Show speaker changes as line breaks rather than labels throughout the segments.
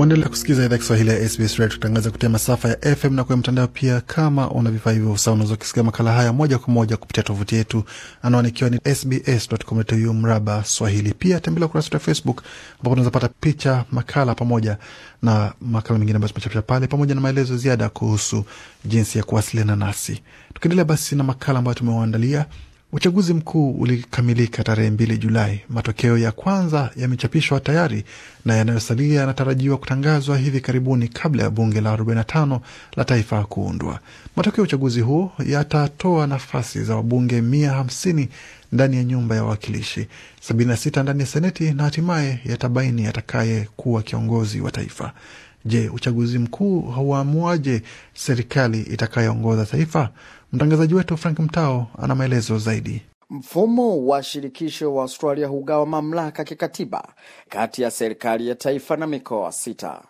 Waendelea kusikiza idhaa Kiswahili ya SBS Radio kutangaza kupitia masafa ya FM na kwenye mtandao pia. Kama una vifaa hivyo usawa, unaweza kusikia makala haya moja kwa moja kupitia tovuti yetu, anwani ikiwa ni sbs.com.au mraba Swahili. Pia tembelea ukurasa wetu wa Facebook ambapo unaweza pata picha, makala pamoja na makala mengine ambayo tumechapisha pale, pamoja na maelezo ziada kuhusu jinsi ya kuwasiliana nasi. Tukiendelea basi na makala ambayo tumewaandalia Uchaguzi mkuu ulikamilika tarehe mbili Julai. Matokeo ya kwanza yamechapishwa tayari na yanayosalia yanatarajiwa kutangazwa hivi karibuni kabla ya bunge la 45 la taifa kuundwa. Matokeo ya uchaguzi huo yatatoa nafasi za wabunge mia hamsini ndani ya nyumba ya wawakilishi, 76 ndani ya seneti na hatimaye yatabaini atakaye kuwa kiongozi wa taifa. Je, uchaguzi mkuu hauamuaje serikali itakayoongoza taifa? Mtangazaji wetu Frank Mtao ana maelezo zaidi.
Mfumo wa shirikisho wa Australia hugawa mamlaka kikatiba kati ya serikali ya taifa na mikoa sita.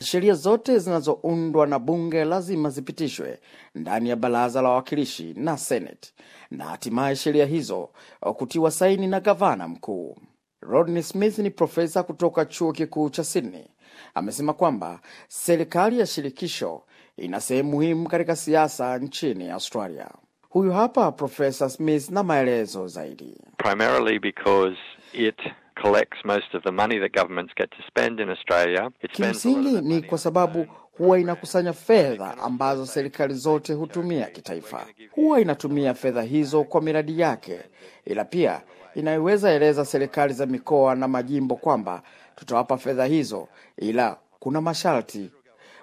Sheria zote zinazoundwa na bunge lazima zipitishwe ndani ya baraza la wawakilishi na seneti, na hatimaye sheria hizo kutiwa saini na gavana mkuu. Rodney Smith ni profesa kutoka chuo kikuu cha Sydney. Amesema kwamba serikali ya shirikisho ina sehemu muhimu katika siasa nchini Australia. Huyu hapa Profesa Smith na maelezo zaidi.
Primarily because it collects most of the money that governments get to spend in Australia. kimsingi
ni kwa sababu huwa inakusanya fedha ambazo serikali zote hutumia kitaifa. Huwa inatumia fedha hizo kwa miradi yake, ila pia inaiweza eleza serikali za mikoa na majimbo kwamba tutawapa fedha hizo, ila kuna masharti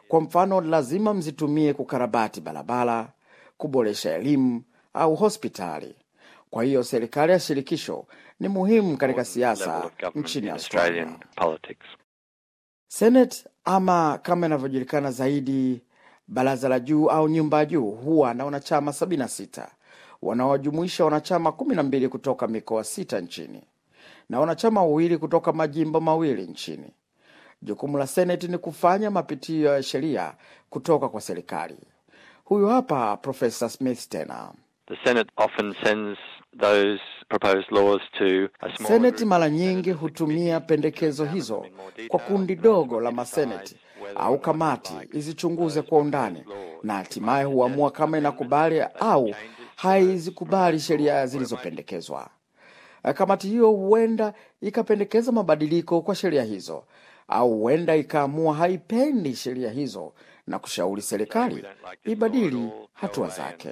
kwa mfano, lazima mzitumie kukarabati barabara, kuboresha elimu au hospitali. Kwa hiyo serikali ya shirikisho ni muhimu katika siasa nchini Australia. Senate ama kama inavyojulikana zaidi baraza la juu au nyumba ya juu huwa na wanachama 76 wanaojumuisha wanachama 12 kutoka mikoa sita nchini na wanachama wawili kutoka majimbo mawili nchini. Jukumu la Seneti ni kufanya mapitio ya sheria kutoka kwa serikali. Huyu hapa Profesa Smith tena. Seneti mara nyingi hutumia pendekezo hizo kwa kundi dogo la maseneti au kamati izichunguze kwa undani na hatimaye huamua kama inakubali au haizikubali sheria zilizopendekezwa. Eh, kamati hiyo huenda ikapendekeza mabadiliko kwa sheria hizo au huenda ikaamua haipendi sheria hizo na kushauri serikali ibadili hatua zake.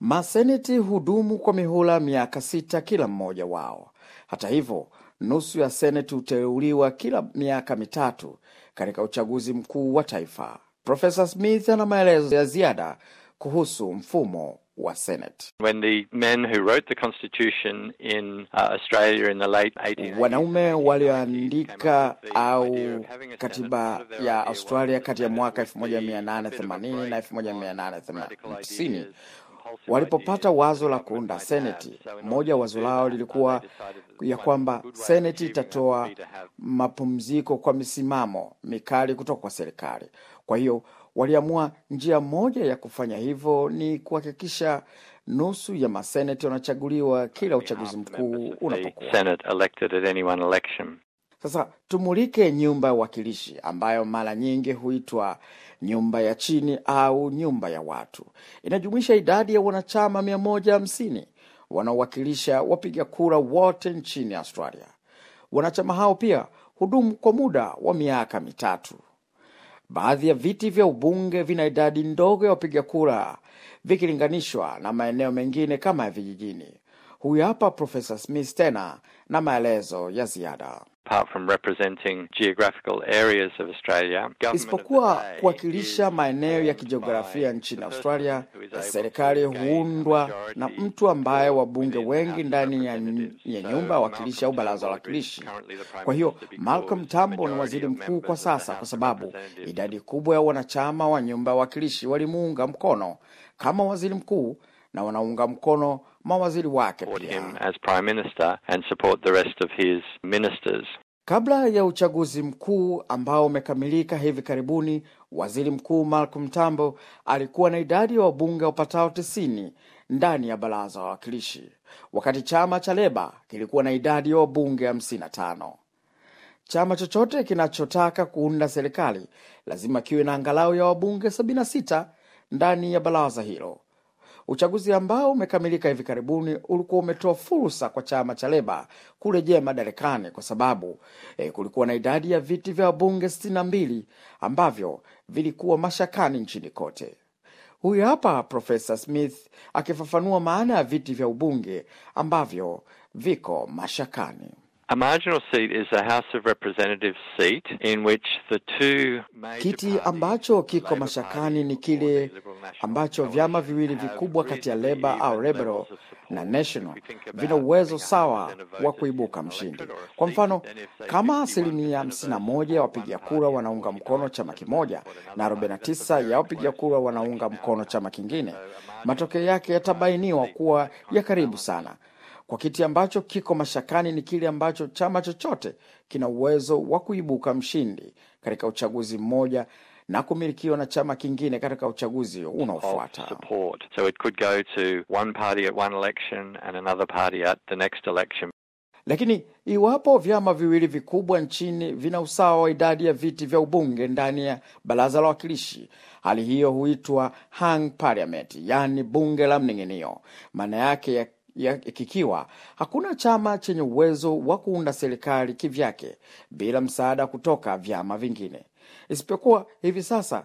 Maseneti hudumu kwa mihula miaka sita kila mmoja wao. Hata hivyo, nusu ya seneti huteuliwa kila miaka mitatu katika uchaguzi mkuu wa taifa. Profesa Smith ana maelezo ya ziada kuhusu mfumo wa Senate.
Uh, wanaume
walioandika au katiba ya Australia kati ya mwaka 1880 na 1890 walipopata wazo la kuunda seneti, moja wazo lao lilikuwa ya kwamba seneti itatoa mapumziko kwa misimamo mikali kutoka kwa serikali. Kwa hiyo waliamua njia moja ya kufanya hivyo ni kuhakikisha nusu ya maseneti wanachaguliwa kila uchaguzi mkuu unapokuwa. Sasa tumulike nyumba ya uwakilishi ambayo mara nyingi huitwa nyumba ya chini au nyumba ya watu. Inajumuisha idadi ya wanachama mia moja wanaowakilisha wapiga kura wote nchini Australia. Wanachama hao pia hudumu kwa muda wa miaka mitatu. Baadhi ya viti vya ubunge vina idadi ndogo ya wapiga kura vikilinganishwa na maeneo mengine kama ya vijijini. Huyu hapa Profesa Smith tena na maelezo ya ziada. Isipokuwa kuwakilisha maeneo ya kijiografia nchini Australia, serikali huundwa na mtu ambaye wabunge wengi ndani ya, ya nyumba ya wakilishi au baraza la wakilishi Kwa hiyo Malcolm Tambo ni waziri mkuu kwa sasa, kwa sababu idadi kubwa ya wanachama wa nyumba ya wakilishi walimuunga mkono kama waziri mkuu na wanaunga mkono mawaziri wake pia
as prime minister and support the rest of his ministers.
Kabla ya uchaguzi mkuu ambao umekamilika hivi karibuni, waziri mkuu Malcolm Tambo alikuwa na idadi ya wa wabunge wapatao 90 ndani ya baraza wawakilishi, wakati chama cha Leba kilikuwa na idadi ya wa wabunge 55. Chama chochote kinachotaka kuunda serikali lazima kiwe na angalau ya wabunge 76 ndani ya baraza hilo Uchaguzi ambao umekamilika hivi karibuni ulikuwa umetoa fursa kwa chama cha Leba kurejea madarakani kwa sababu e, kulikuwa na idadi ya viti vya wabunge 62 ambavyo vilikuwa mashakani nchini kote. Huyu hapa Profesa Smith akifafanua maana ya viti vya ubunge ambavyo viko mashakani.
A marginal seat is a House of Representatives seat in which the two
major kiti ambacho kiko mashakani ni kile ambacho vyama viwili vikubwa kati ya Leba au rebero na National vina uwezo sawa wa kuibuka mshindi. Kwa mfano, kama asilimia 51 ya wapiga kura wanaunga mkono chama kimoja na 49 ya wapiga kura wanaunga mkono chama kingine, matokeo yake yatabainiwa kuwa ya karibu sana kwa kiti ambacho kiko mashakani ni kile ambacho chama chochote kina uwezo wa kuibuka mshindi katika uchaguzi mmoja na kumilikiwa na chama kingine katika uchaguzi unaofuata.
So it could go to one party at one election and another party at the next election.
Lakini iwapo vyama viwili vikubwa nchini vina usawa wa idadi ya viti vya ubunge ndani ya baraza la wakilishi hali hiyo huitwa yani parliament, yaani bunge la mning'inio. Maana yake ya kikiwa hakuna chama chenye uwezo wa kuunda serikali kivyake bila msaada kutoka vyama vingine. Isipokuwa hivi sasa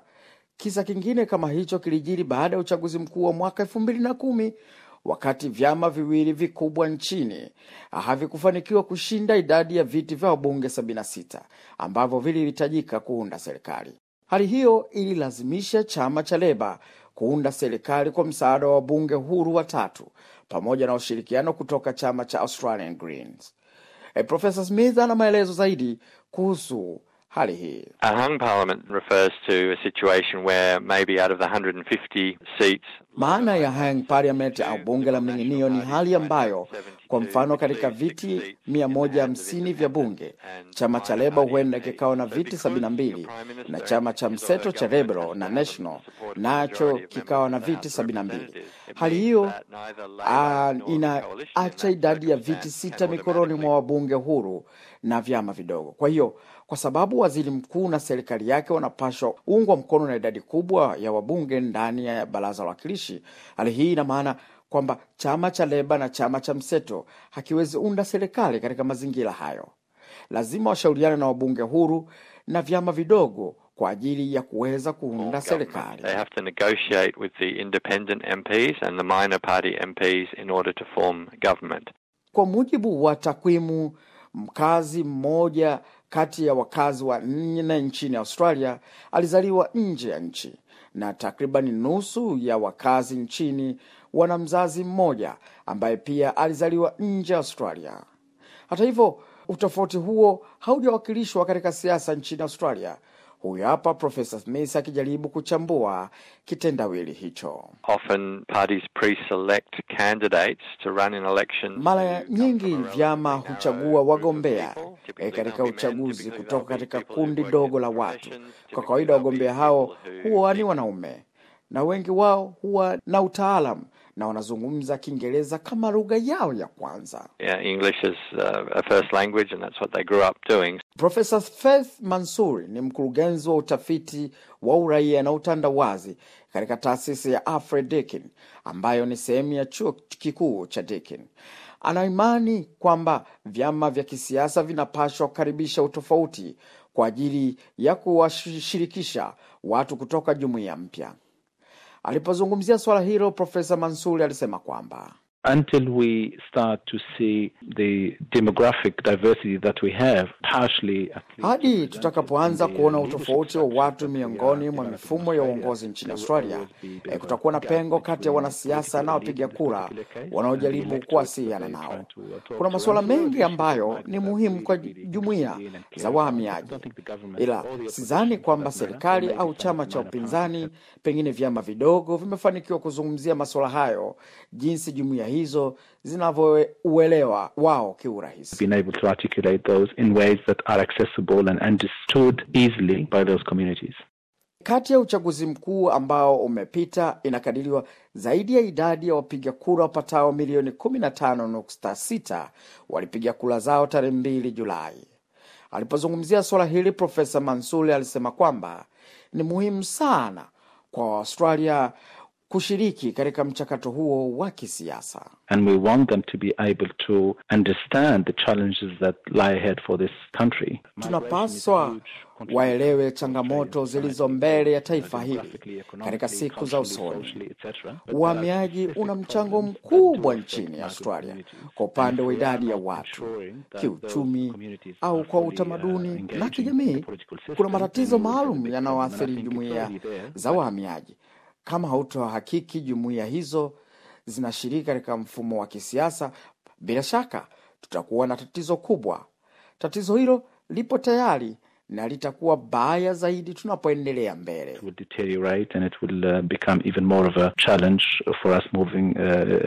kisa kingine kama hicho kilijiri baada ya uchaguzi mkuu wa mwaka elfu mbili na kumi wakati vyama viwili vikubwa nchini havikufanikiwa kushinda idadi ya viti vya wabunge 76 ambavyo vilihitajika kuunda serikali. Hali hiyo ililazimisha chama cha Leba kuunda serikali kwa msaada wa wabunge huru watatu pamoja na ushirikiano kutoka chama cha Australian Greens. E, eh, Profesa Smith ana maelezo zaidi kuhusu hali hii.
A hung parliament refers to a situation where maybe out of the 150 seats.
Maana ya hung parliament au bunge la mning'inio ni hali ambayo, kwa mfano, katika viti 150 vya bunge, chama cha Leba huenda kikawa na viti 72 na chama cha mseto cha Liberal na National nacho kikawa na viti 72. Hali hiyo inaacha idadi ya viti sita mikononi mwa wabunge huru na vyama vidogo. Kwa hiyo kwa sababu waziri mkuu na serikali yake wanapashwa ungwa mkono na idadi kubwa ya wabunge ndani ya baraza la wakilishi. Hali hii ina maana kwamba chama cha Leba na chama cha mseto hakiwezi unda serikali katika mazingira hayo. Lazima washauriane na wabunge huru na vyama vidogo kwa ajili ya kuweza kuunda serikali. Kwa mujibu wa takwimu, mkazi mmoja kati ya wakazi wa nne nchini Australia alizaliwa nje ya nchi na takribani nusu ya wakazi nchini wana mzazi mmoja ambaye pia alizaliwa nje ya Australia. Hata hivyo, utofauti huo haujawakilishwa katika siasa nchini Australia Huyu hapa Profesa Smith akijaribu kuchambua kitendawili hicho.
Often parties pre-select candidates to run eh, in elections.
Mara nyingi vyama huchagua wagombea e, katika uchaguzi kutoka katika kundi dogo la watu. Kwa kawaida wagombea hao huwa ni wanaume na wengi wao huwa na utaalamu na wanazungumza Kiingereza kama lugha yao ya kwanza.
Yeah, English is uh, a first language and that's what they grew up doing.
Profesa Faith Mansuri ni mkurugenzi wa utafiti wa uraia na utandawazi katika taasisi ya Alfred Deakin ambayo ni sehemu ya chuo kikuu cha Deakin. Anaimani kwamba vyama vya kisiasa vinapaswa kukaribisha utofauti kwa ajili ya kuwashirikisha watu kutoka jumuiya mpya. Alipozungumzia swala hilo, Profesa Mansuri alisema kwamba
Until we start to
see the demographic diversity that we have hadi tutakapoanza kuona utofauti wa watu miongoni mwa mifumo ya uongozi nchini Australia. E, kutakuwa na pengo kati ya wanasiasa na wapiga kura wanaojaribu kuwasiliana nao. Kuna masuala mengi ambayo ni muhimu kwa jumuiya za wahamiaji, ila sidhani kwamba serikali au chama cha upinzani, pengine vyama vidogo, vimefanikiwa kuzungumzia masuala hayo jinsi jumuiya hizo zinavyouelewa wao kiurahisi
that are accessible and understood easily by those communities.
Kati ya uchaguzi mkuu ambao umepita inakadiriwa zaidi ya idadi ya wapiga kura wapatao milioni 15.6 walipiga kura zao tarehe 2 Julai. Alipozungumzia suala hili, Profesa Mansuli alisema kwamba ni muhimu sana kwa Waaustralia kushiriki katika mchakato huo wa kisiasa.
And we want them to be able
to understand the challenges that lie ahead for this country. Tunapaswa waelewe changamoto zilizo mbele ya taifa hili katika siku za usoni. Uhamiaji uh, una mchango mkubwa uh, nchini Australia kwa upande wa idadi ya watu, kiuchumi au kwa uh, utamaduni na kijamii.
Kuna matatizo maalum yanayoathiri jumuiya
za wahamiaji kama hautohakiki jumuiya hizo zinashiriki katika mfumo wa kisiasa, bila shaka tutakuwa na tatizo kubwa. Tatizo hilo lipo tayari na litakuwa baya zaidi tunapoendelea mbele. Uh, uh,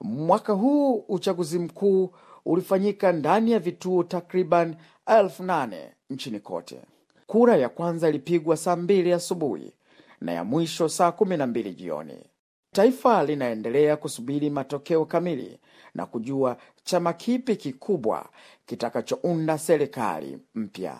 Mwaka huu uchaguzi mkuu ulifanyika ndani ya vituo takriban elfu nane nchini kote. Kura ya kwanza ilipigwa saa mbili asubuhi na ya mwisho saa mbili jioni. Taifa linaendelea kusubiri matokeo kamili na kujua chama kipi kikubwa kitakachounda serikali mpya.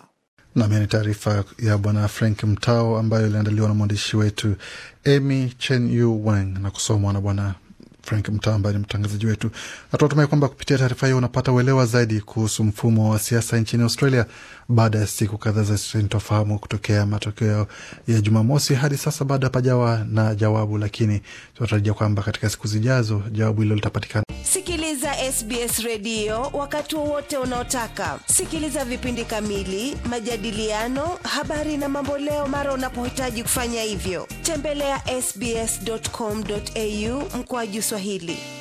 Nami ni taarifa ya Bwana Frank Mtao ambayo iliandaliwa na mwandishi wetu Emy yu Wang na kusomwa na Bwana Frank Mtamba ni mtangazaji wetu. Hatunatumai kwamba kupitia taarifa hiyo unapata uelewa zaidi kuhusu mfumo wa siasa nchini Australia baada ya siku kadhaa za sintofahamu kutokea matokeo ya Jumamosi. Hadi sasa bado hapajawa na jawabu, lakini tunatarajia kwamba katika siku zijazo jawabu hilo litapatikana. Sikiliza SBS redio wakati wowote unaotaka. Sikiliza vipindi kamili, majadiliano, habari na mamboleo mara unapohitaji kufanya hivyo. Tembelea ya sbs.com.au mkoaju Swahili.